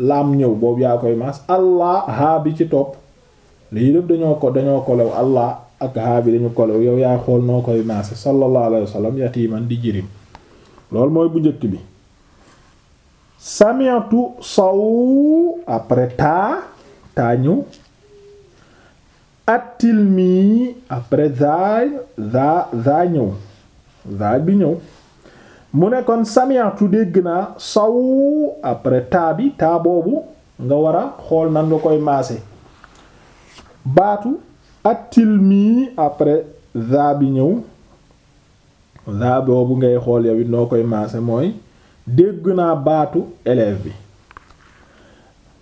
laam ñëw boobu yaa koy maas allah haa bi ci topp lii lépp dañoo ko dañoo kolew allah ak haa bi dañu kolew yow yaay xool noo koy maase sallallahu alayhi wa sallam yatiiman di jirim loolu mooy bu njëkk bi sami'tu saw après taa taa ñëw atilmi après za za za ñëw za bi ñëw mu ne kon sami'tu dégg naa saw après taa bi taa nga war a xool nan nga koy maase baatu at-tilmi après za bi ñëw za boobu ngay xool yow noo koy maase mooy dégg naa baatu élève bi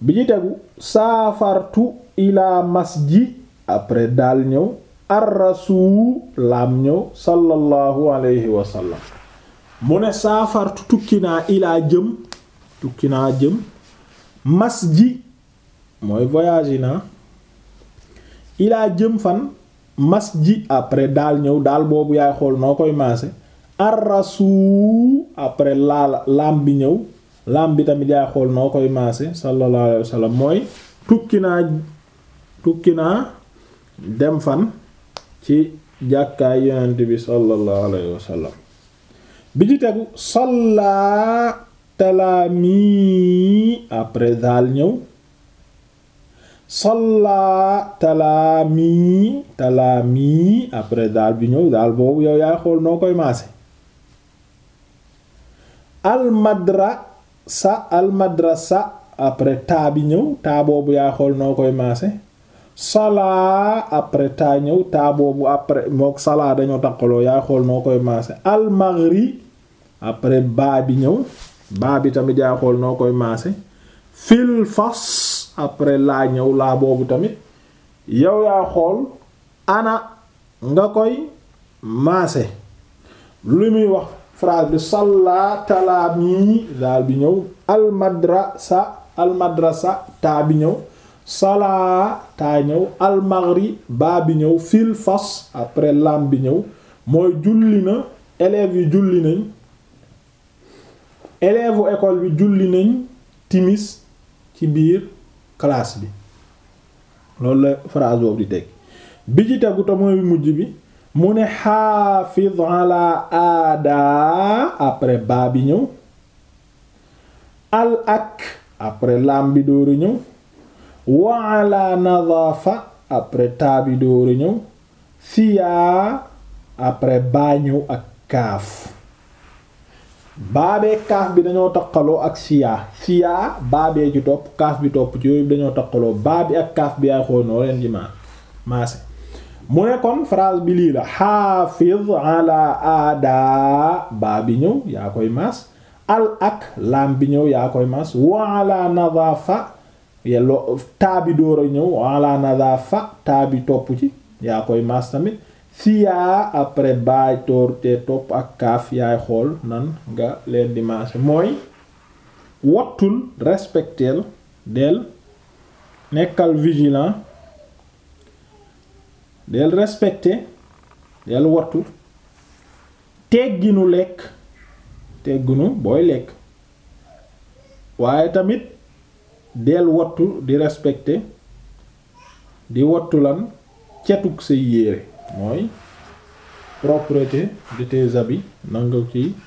bi ñu tegu saafartu ila masjid après daal ñëw ar rasul ñëw sallallahu alayhi wa mu ne saafartu tukki naa ilaa jëm tukki naa jëm masji mooy voyage naa ilaa jëm fan mas ji après daal ñëw daal boobu yaay xool noo koy maase arrasu après laal laam bi ñëw laam bi tamit yaay xool noo koy maase sallallahu alayhi wa mooy tukki naa tukki naa dem fan ci jàkkaay yonent bi sallallahu alayhi wa bi ci tegu salla talaami après daal ñëw salla talaami talaami après daal bi ñëw daal boobu yow yaay xool noo koy maase almadrasa almadrasa après taa bi ñëw taa boobu yaay xool noo koy maase salaa après taa ñëw taa boobu après mook salaa dañoo takkaloo yaay xool noo koy maase almagri après baa bi ñëw baa bi tamit yaa xool noo koy maase fil fas après laa ñëw laa boobu tamit yow yaa xool nga koy maase lu muy wax phrase bi ñëw almadrasa almadrasa bi ñëw salaa taa bi ñëw fil fas après lam bi ñëw mooy julli na élèves yi julli nañ élève u bi julli nañ timis ci biir classe bi loolu la phrase boobu di teg bi ci tegu te mujj bi mu ne xaafid ala aada après baa bi ñëw al ak après lam bi dóoru ñëw wa ala nadafa après taa bi dóoru ñëw siyaa après baa ñëw ak kaaf baabee kaaf bi dañoo taqaloo ak siyaa siyaa baabee ju topp kaaf bi topp ci yooyu dañoo taqaloo baa bi ak kaaf bi yaay xool noo leen di maan maase mu ne kon phrase bi lii la xaafiz ala aada baa ñëw yaa koy maas al ak laam bi ñëw yaa koy maas wa ala nadafa yello bi door a ñëw ala nadafa taa topp ci yaa koy maas tamit siyaa après baay toor te topp ak kaaf yaay xool nan nga leen di mooy wattul respecteel del nekkal vigilant del respecté del wattu tegginu lekk tegginu booy lekk waaye tamit del wattu di respecté di wattu lan cetuk say yére mooy propreté de tes habits na nga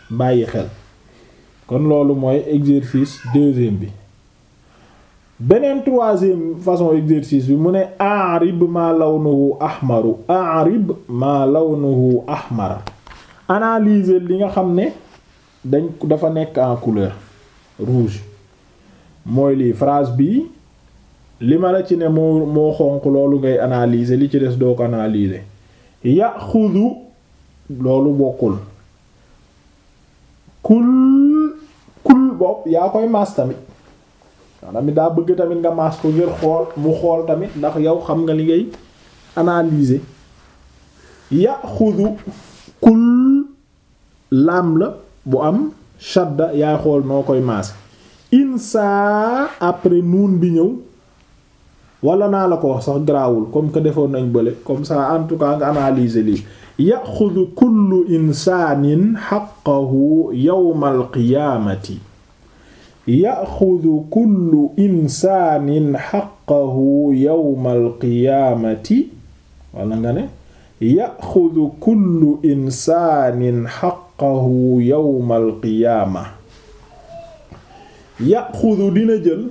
bàyyi xel kon loolu mooy exercice deuxième bi beneen troisième façon exercice bi mu ne arib ma wu ahmaru arib ma lawnuhu ahmar analyser li nga xam ne dañ ko dafa nekk en couleur rouge mooy lii phrase bi li ma la ci ne moo moo xonq loolu ngay analyser li ci des doo ko analyser yaxudu loolu bokkul kul kul bopp yaa koy maas tamit maanaam daa bëgg tamit nga maas ko ngir xool mu xool tamit ndax yow xam nga li ngay analyser yaxudu kul laam la bu am shadda yaay xool noo koy maas insa après nuun bi ñëw walla naa la ko wax sax garaawul comme que defoon nañ bële comme ça en tout cas nga analyser lii yaxudu kullu insaanin xaqahu yowma alqiyaamati yaxudu kullu insaanin xaqahu yowma dina jël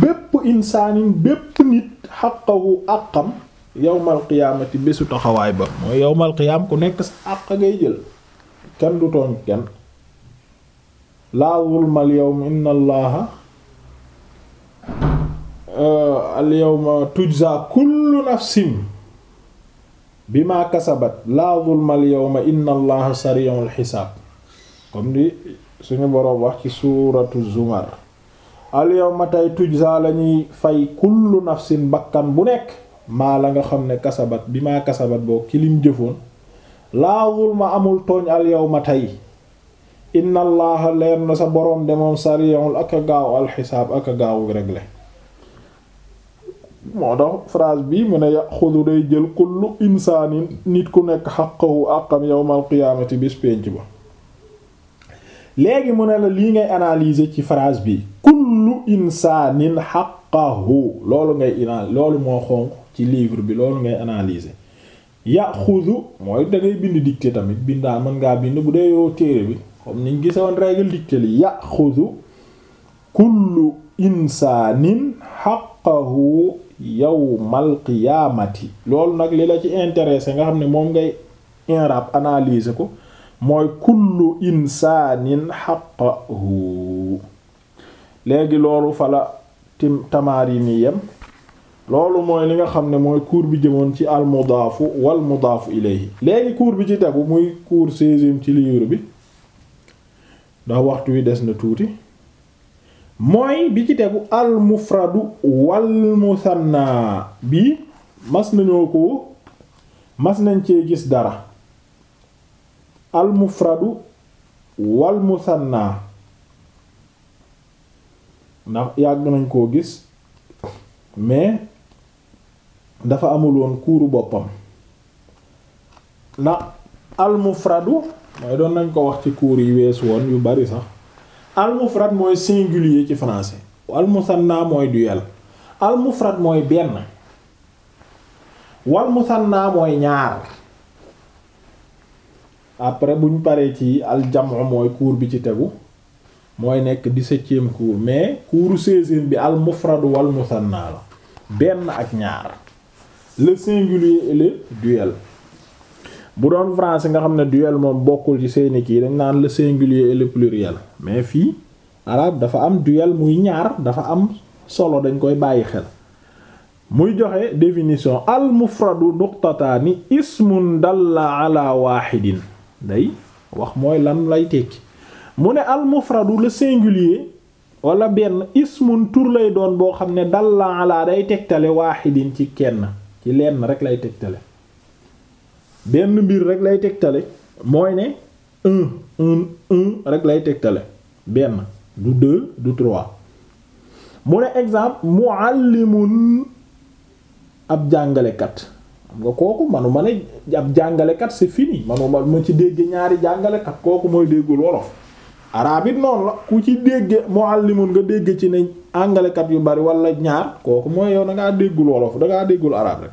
bépp insaanin bépp nit xaqahu àqam yowmal qiyaamati bésu taxawaay ba mooy yowmal qiyaam ku nekk sa àq ngay jël kenn du tooñ kenn laa zulma al yawm inna allaha euh, al yawma tujza kullu nafsin bima kasabat laa zulma al yawma inna allaha sari'ul xisaab comme di suñu boroom wax ci suuratu zumar al yawma tey tujza la ñuy fay kullu nafsin bakkan bu nekk maa la nga xam ne kasabat bi ma kasabat boo ki lim jëfoon laa zulma amul tooñ al yawma tey inna leen na sa boroom de moom sari'ul ak a alxisaab ak gaawu réglé moo tax phrase bi mu ne yaxudu day jël kullu insaanin nit ku nekk xaqahu àqam yawmal qiyaamati bis ba léegi mu ne la lii ngay analyser ci phrase bi insaanin xaqahu loolu ngay inaan loolu moo xonq ci livre bi loolu ngay analyser yaxudu mooy da ngay bind dictée tamit bindaan mën ngaa bind bu dee yoo téere bi comme niñ gisoon règle dictée li yaxudu kullu insaanin xaqahu yawmal qiyaamati loolu nag li la ci intéressé nga xam ne moom ngay inrab analyser ko mooy kullu insaanin xaqahu léegi loolu fala tim tamaari mi yem loolu mooy li nga xam ne mooy cours bi jëmoon ci al mudaafu wal léegi cours bi ci tegu muy cours seizième ci livre bi ndax waxtu wi des na tuuti mooy bi ci tegu al mufradu wal musanna bi mas nañoo ko mas nañ cee gis dara al mufradu wal musanna ndax yàgg nañ koo gis mais dafa amul woon kuuru boppam ndax almufradu mooy doon nañ ko wax ci kuur yi wees woon yu bari sax almufrad mooy singulier ci français almusanna mooy duel almufrad mooy benn wal naa mooy ñaar après buñ paree ci aljamu mooy kuur bi ci tegu mooy nekk dix-septième cours mais cours seizième bi al mufrad wal musanna la benn ak ñaar le singulier et le duel bu doon français nga xam ne duel moom bokkul ci seeni kii dañ naan le singulier et le pluriel mais fii arabe dafa am duel muy ñaar dafa am solo dañ koy bàyyi xel muy joxe définition al mufradu nuqtataani ismun dalla ala wahidin day wax mooy lan lay tekki mu ne al mufradu le singulier wala benn ismun tur lay doon boo xam ne dalla ala day tegtale waaxidin ci kenn ci lenn rek lay tegtale benn mbir rek lay tegtale mooy ne un un un rek lay tegtale benn du deux du trois mu ne exemple muallimun ab jàngalekat xam nga kooku manuma ne ab jàngalekat c'est fini manuma ma ci dégg ñaari jàngalekat kooku mooy déggul wolof araab it noonu la ku ci dégge muallimun nga dégg ci ne àngalekat yu bari wala ñaar kooku mooy yow da ngaa déggul wolof da déggul araab rek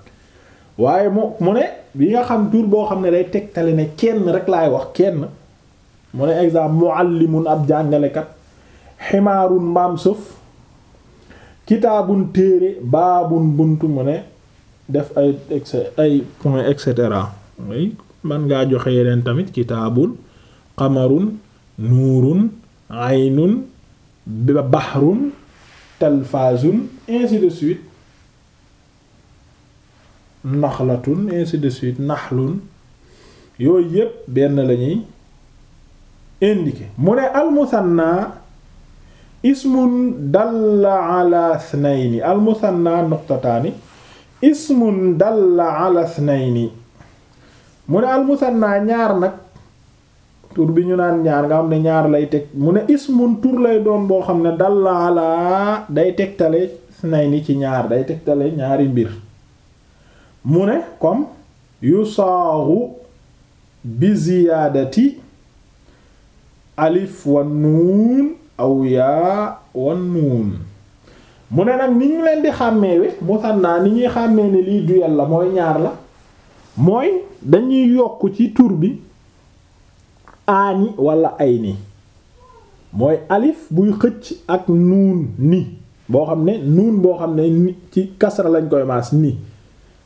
waaye mu mu ne bi nga xam tur boo xam ne day tegtale ne kenn rek laay wax kenn mu ne exemple muallimun ab jàngalekat ximaarun mbaam sëf kitaabun téere baabun bunt mu ne def ay ay point et cetera man ngaa joxe yeneen tamit kitaabun qamarun nuurun aynun bahrun talfazun ainsi de suite naxlatun ainsi de suite naxlun yooyu yépp benn lañuy indiqué mu ne almusanna ismun dalla ala snayni almusanna ismun dalla ala mu ne almusanna ñaar nag tur bi ñu naan ñaar nga xam ne ñaar lay teg mu ne ismun tur lay doon boo xam ne dalla ala day tegtale nay ni ci ñaar day tegtale ñaari mbir mu ne comme yusaaru bi ziyaadati alif wa nuun aw yaa nuun mu ne nag ni ñu leen di xàmmeewe musanna ni ñuy xàmmee ne lii duyal la mooy ñaar la mooy dañuy yokk ci tur bi aani walla ay ni mooy alif buy xëcc ak nuun ni boo xam ne nuun boo xam ne ci kasra lañ koy maas ni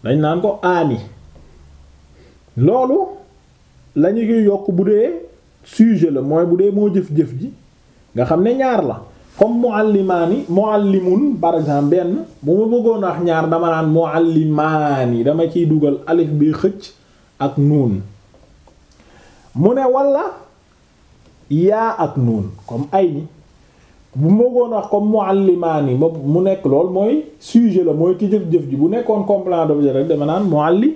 dañ naan ko aani loolu lañu koy yokk bu dee sujet la mooy bu dee moo jëf-jëf ji nga xam ne ñaar la comme muallimaani muallimun par exemple benn bu ma bëggoon wax ñaar dama naan muallimaani dama ciy dugal alif bi xëcc ak nuun mu ne wala yaa ak nuun comme ay ni bu magoon wax comme muallimaani ma mu nekk lool mooy sujet la mooy ki jëf-jëf ji bu nekkoon complément d'objet rek dama naan mualli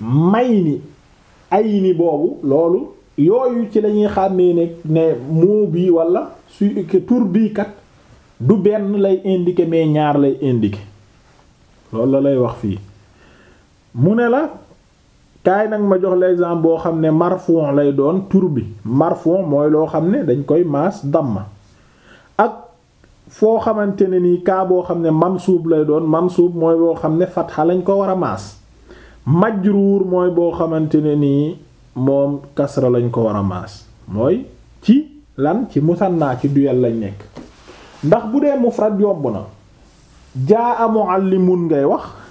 may ni ay ni boobu loolu yooyu ci lañuy xàmmee ne ne mot bii wala su tur du benn lay indiquer mais ñaar lay indiquer loolu la lay wax fii mu ne la kaay nag ma jox l'exemple boo xam ne marfon lay doon turbi marfon mooy loo xam ne dañ koy maas damm ak foo xamante ne nii kaa boo xam ne mansuub lay doon mansuub mooy boo xam ne fatxa lañ ko war a maas majruur mooy boo xamante ne nii moom kasra lañ ko war a maas mooy ci lan ci musanna ci duel lañ nekk ndax bu dee mufrad yomb na jaa a muallimun ngay wax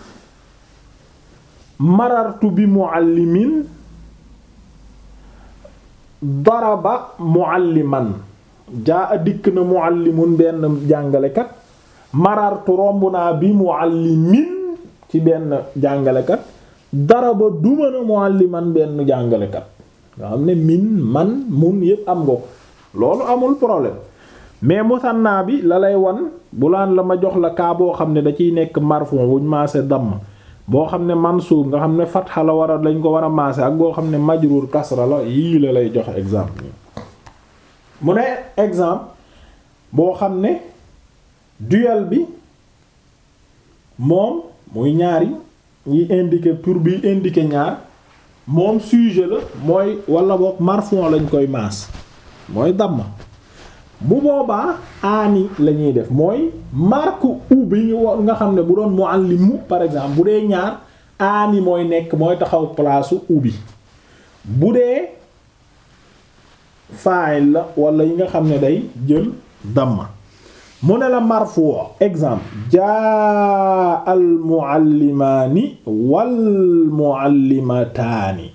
marartu bi muallimin daraba mualliman jaa dikk na muallimun benn jàngalekat marartu romb naa bi muallimin ci benn jàngalekat daraba duma na mualliman benn jàngalekat nga xam ne min man mun yépp am nga loolu amul problème mais musanna bi la lay wan bulaan la ma jox la kaa boo xam ne da ciy nekk marfon wuñ maase damm boo xam ne mansuub nga xam ne fat la war a lañ ko war a maase ak boo xam ne majruur kasra la yii la lay joxe exemple mu ne exemple boo xam ne duel bi moom muy ñaari yi indiqué tur bi indiqué ñaar moom sujet la mooy walla boog marfon lañ koy maas mooy damma bu boobaa aani lañuy def mooy marque u bi wo nga xam ne bu doon muallimu par exemple bu dee ñaar aani mooy nekk mooy taxaw place u bi bu dee fa'il la wala yi nga xam ne day jël damma mu ne la marfu exemple jaa al muallimaani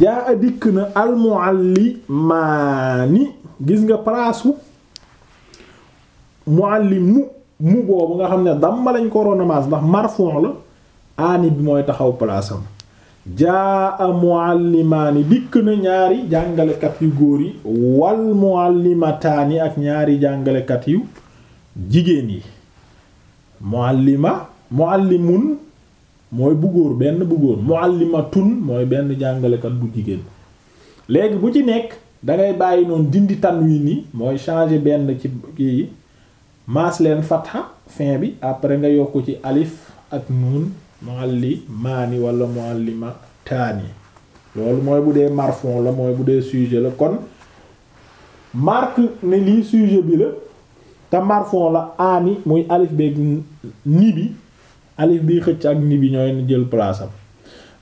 jaa a dikk na al gis nga palaasu muallim mu mu boobu nga xam ne damma lañ ko ndax marfon la aani bi mooy taxaw palaasam jaa a muallimaani dikk na ñaari jàngalekat yu góor yi wal muallimataani ak ñaari jàngalekat yu jigéen yi muallima muallimun mooy bu góor benn bu góor muallimatun mooy benn jàngalekat bu jigéen léegi bu ci nekk dangay bàyyi noonu dindi wi nii mooy changer benn ci kii maas leen fatha fin bi après nga yokk ci alif ak nuun muallimaani wala muallimataani loolu mooy bu dee marfon la mooy bu dee sujet la kon marque ne lii sujet bi la te marfon la aani muy alif beeg ni bi alif bi xëcc ak ni bi ñooy jël place am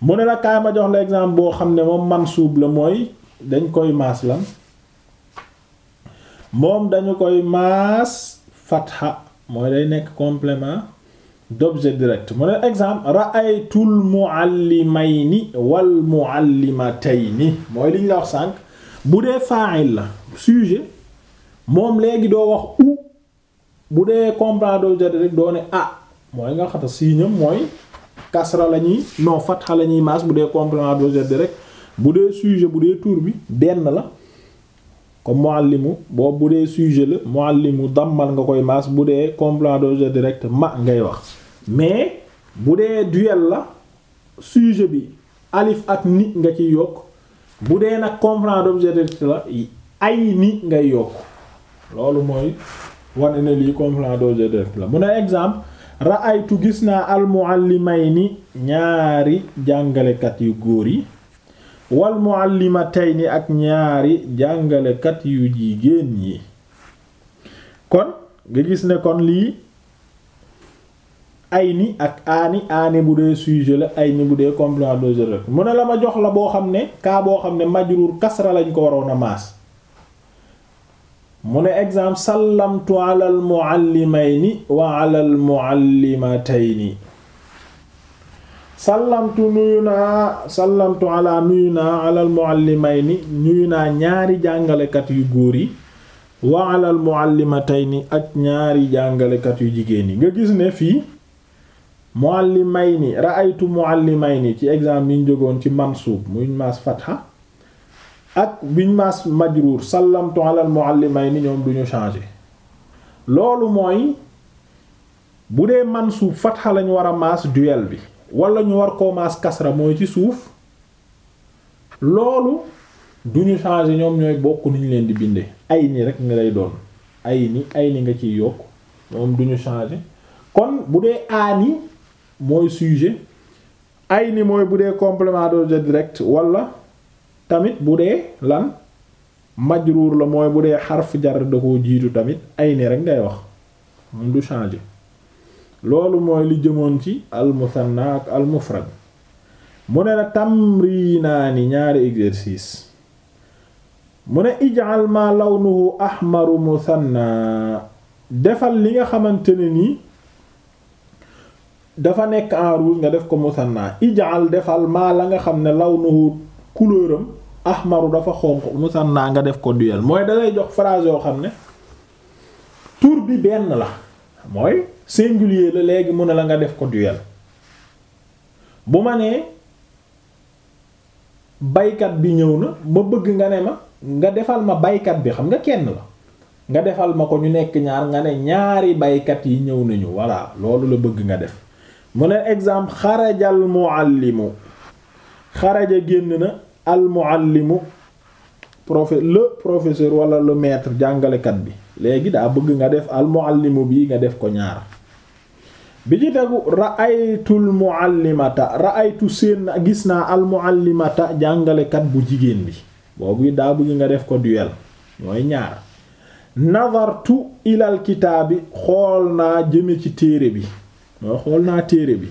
mu ne la kaay ma jox la exemple boo xam ne moom suub la mooy dañ koy maas lan moom dañu koy maas fatha mooy day nekk complement d'objet direct mu ne exemple ra'aytul muallimayni wal muallimatayni mooy liñ la wax sànq bu dee fa'il la sujet moom léegi doo wax u bu dee complément d'objet direct doo ne ah mooy nga xata siiñam mooy kasra la ñuy non fatha la ñuy maas bu dee complément d'objet direct bu dee sujet bu dee tur bi denn la ko muallimu boobu bu dee sujet la muallimu dàmbal nga koy maas bu dee complément d'objet direct ma ngay wax mais bu dee duel la sujet bi alif ak ni nga ci yokk bu dee nag complément d'objet direct la ay ni ngay yokk loolu mooy wane ne lii complément d'objet direct la mu ne exemple ra'aytu gis naa al ni ñaari jàngalekat yu góor yi wal nii ak ñaari jàngalekat yu jigéen yi kon nga gis ne kon lii ay ni ak aani aani bu dee sujet la ay ni bu dee complément d'objet la mu ne la ma jox la boo xam ne kaa boo xam ne majruur kasra lañ ko waroon a maas mu ne exemple sallamtu ala al muallimayni wa ala al muallimatayni sallamtu nuyu naa sallamtu ala nuyu naa alal muallimayni nuyu naa ñaari jàngalekat yu góor yi wa alal ni ak ñaari jàngalekat yu jigéen yi nga gis ne fii muallimayni ra'aytu ni ci exemple yi ñu jógoon ci mansuub muy maas fatha ak biñ maas majruur sallamtu alal muallimayni ñoom duñu changé loolu mooy bu dee mansuub fatha lañ wara a maas duel bi wala ñu war koo maas kasra mooy ci suuf loolu duñu ñu changer ñoom ñooy bokk ni ñu leen di bindee ay ni rek ni lay doon ay ni ay ni nga ciy yokk moom du ñu changer kon bu dee aani mooy sujet ay ni mooy bu dee complément d'objet direct walla tamit bu dee lan majruur la mooy bu dee xarf jar da koo jiitu tamit ay ni rek ngay wax du changer loolu mooy li jëmoon ci al musanna ak al mufrad mu ne na tamriinaani ñaari exercice mu ne ij'al ma lawnuhu ahmaru musanna defal li nga xamante ne nii dafa nekk en nga def ko musanna ij'al defal maa la nga xam ne lawnuhu couleur am ahmaru dafa xonq musanna nga def ko duel mooy dalay jox phrase yoo xam ne tur bi benn la mooy singulier la léegi mu ne la nga def ko duel bu ma nee baykat bi ñëw na ma bëgg nga ne ma nga defal ma baykat bi xam nga kenn la nga defal ma ko ñu nekk ñaar nga ne ñaari baykat yi ñëw nañu voilà loolu la bëgg nga def mu ne exemple xarajal muallimu xaraja génn na al muallimu prof le professeur wala le maître jàngalekat bi léegi daa bëgg nga def al bi nga def ko ñaar bi ci tegu ra'aytul muallimata ra'aytu seen gis naa al jàngalekat bu jigéen bi boobu daa bëgg nga def ko duel mooy ñaar nazartu ilal kitaabi xool naa jëme ci téere bi mooy xool naa téere bi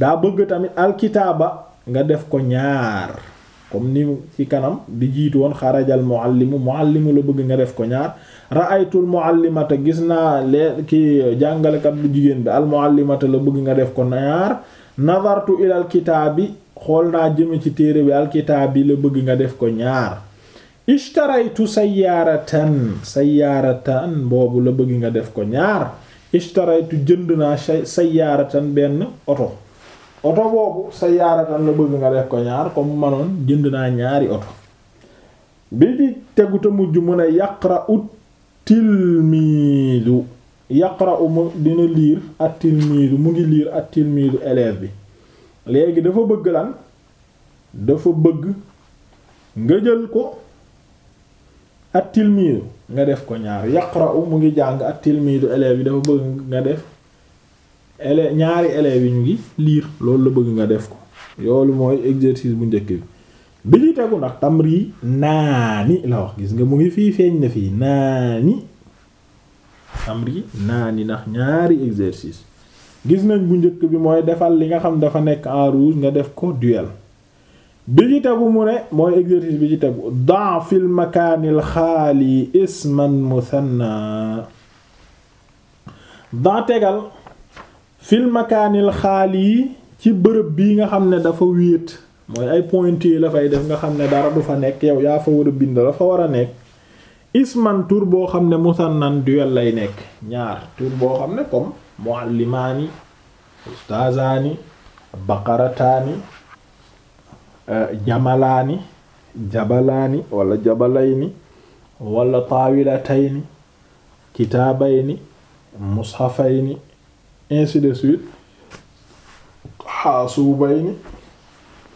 daa bëgg tamit alkitaaba nga def ko ñaar comme ni ci kanam bi jiitu woon xarajal muallimu muallimu la bëgg nga def ko ñaar ra'aytul muallimata gis naa lee ki jàngalekat bu jigéen bi al muallimata la bëgg nga def ko ñaar nazartu ilal kitaabi xool naa jëme ci téere bi al kitaabi la bëgg nga def ko ñaar ishtaraytu sayyaratan sayyaratan boobu la bëgg nga def ko ñaar ishtaraytu jënd naa sayyaratan benn oto oto boobu sa yaaratan la bëgg nga def ko ñaar comme manoon jënd naa ñaari oto bi di tegu te mujj mu ne yaqra ut tilmiidu yaqra umu dina liir at tilmiidu mu ngi liir at tilmiidu élève bi léegi dafa bëgg lan dafa bëgg nga jël ko at tilmiidu nga def ko ñaar yaqra u mu ngi jàng at tilmiidu élève bi dafa bëgg nga def élève ñaari élèves yi ñu ngi liir loolu la bëgg nga def ko yoolu mooy exercice bu njëkk bi bi ñu tegu ndax tamri yi naani la wax gis nga mu ngi fii feeñ na fii naani tamri naani ndax ñaari exercice gis nañ bu njëkk bi mooy defal li nga xam dafa nekk en rouge nga def ko duel bi ci tegu mu ne mooy exercice bi ci tegu dan fil makaanil xaali isman muthanna dan tegal fil makaanil xaal yi ci bërëb bii nga xam ne dafa wéet mooy ay pointillés la fay def nga xam ne dara du fa nekk yow yaa fa war a bind la fa war a nekk isman tur boo xam ne musannan duel lay nekk ñaar tur boo xam ne comme muallimaani ustaazaani baqarataani euh, jamalaani jabalaani wala jabalayni wala taawilatayni kitaabayni mushafayni ainsi de suite xaasubayni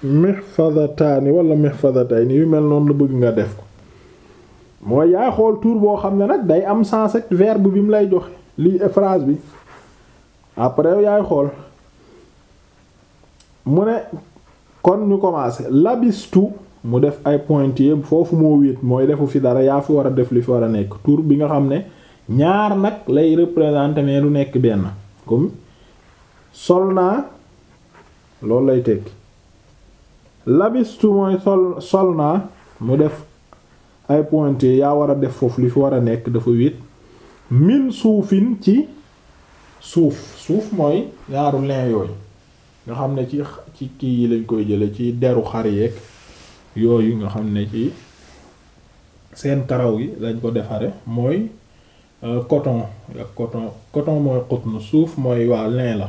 mihfazataani wala mihfazatayni yu mel noonu la bëgg nga def ko mooy yaa xool tur boo xam ne nag day am sens ak verbe bi mu lay joxe lii eh, phrase bi après yaay xool mu ne kon ñu commencé labistu mu def ay pointier foofu moo wéet mooy defu fi dara yaa fu war a def li fi war a nekk tur bi nga xam ne ñaar nag lay représenter mais lu nekk benn comme sol naa loolu lay tekki labistu mooy sol sol naa mu def ay pointé yaa war a def foofu li fi war a nekk dafa wéet min suufin ci suuf suuf mooy ñaaru lin yooyu nga xam ne ci ci kii yi lañ koy jële ci deru xar yeeg yooyu nga xam ne ci seen karaw gi lañ ko defare mooy Euh, coton ak coton coton mooy xutn suuf mooy waa lin la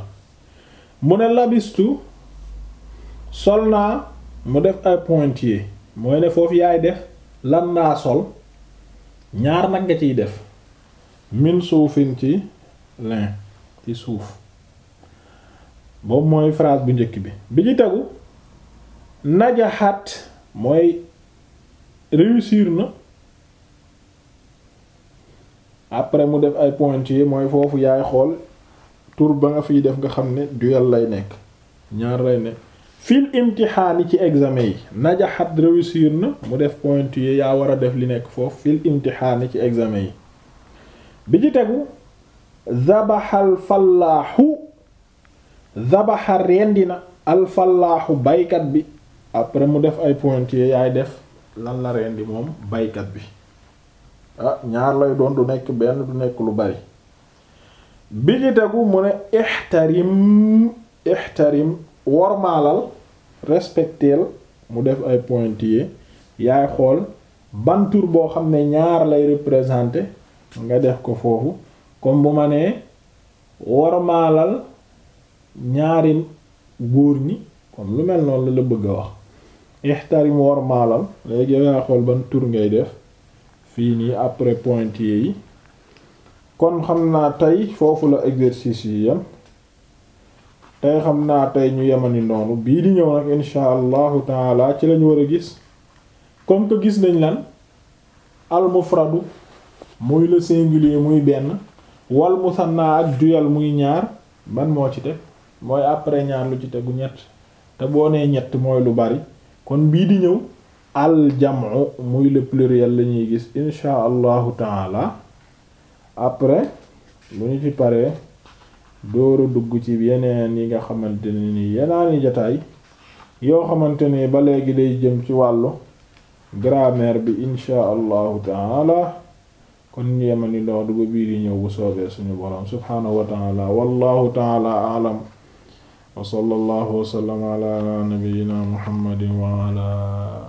mu ne labistu sol naa mu def ay pointillés mooy ne foofu yaay def lan naa sol ñaar nag nga ciy def min suufin ci lin ci suuf boobu mooy phrase bu njëkk bi bi ci tegu najaxat mooy réussir na après mu def ay pointillés mooy foofu yaay xool tur ba nga fiy def nga xam ne duel lay nekk ñaar lay nekk fil imtixaani ci examen yi najaxat réussir na mu def pointillés yaa war a def li nekk foofu fil imtixaani ci examen yi bi ci tegu zabaxal fallaaxu zabaxa rendi na alfallaaxu baykat bi après mu def ay pointillés yaay def lan la rendi moom baykat bi ah ñaar lay doon du nekk benn du nekk lu bari bi ci mu ne ihtarim ihtarim wormaalal respectel mu def ay pointillés yaay xool ban boo xam ne ñaar lay représenter nga def ko foofu comme bu ma nee wormaalal ñaari góor ñi comme lu mel noonu la la bëgg a wax ihtarim wormaalal léegi yaay xool ban tur ngay def fii nii après pointillé yi kon xam naa tey foofu la exercice yi yem tey xam naa tey ñu yemani noonu bii di ñëw nag insha allahu taala ci lañu war a gis comme que gis nañ lan al mufradu muy le singulier muy benn wal musanna ak dual muy ñaar man moo ci teg mooy après ñaar lu ci tegu ñett te boo nee ñett mooy lu bari kon bii di ñëw aljamu muy le pluriel la ñuy gis insha allahu taala après bu ñu ci paree dóora dugg ci yeneen yi nga xamante ne ni yenaani jataay yoo xamante ni ba léegi day jëm ci wàllu grammaire bi insha allahu taala kon ñu yemani ndox du ba bii di ñëw bu soobee suñu borom subhaanahu wa taala wallahu taala alam wa sallallahu wa sallama ala nabiyyina muhammadin wa ala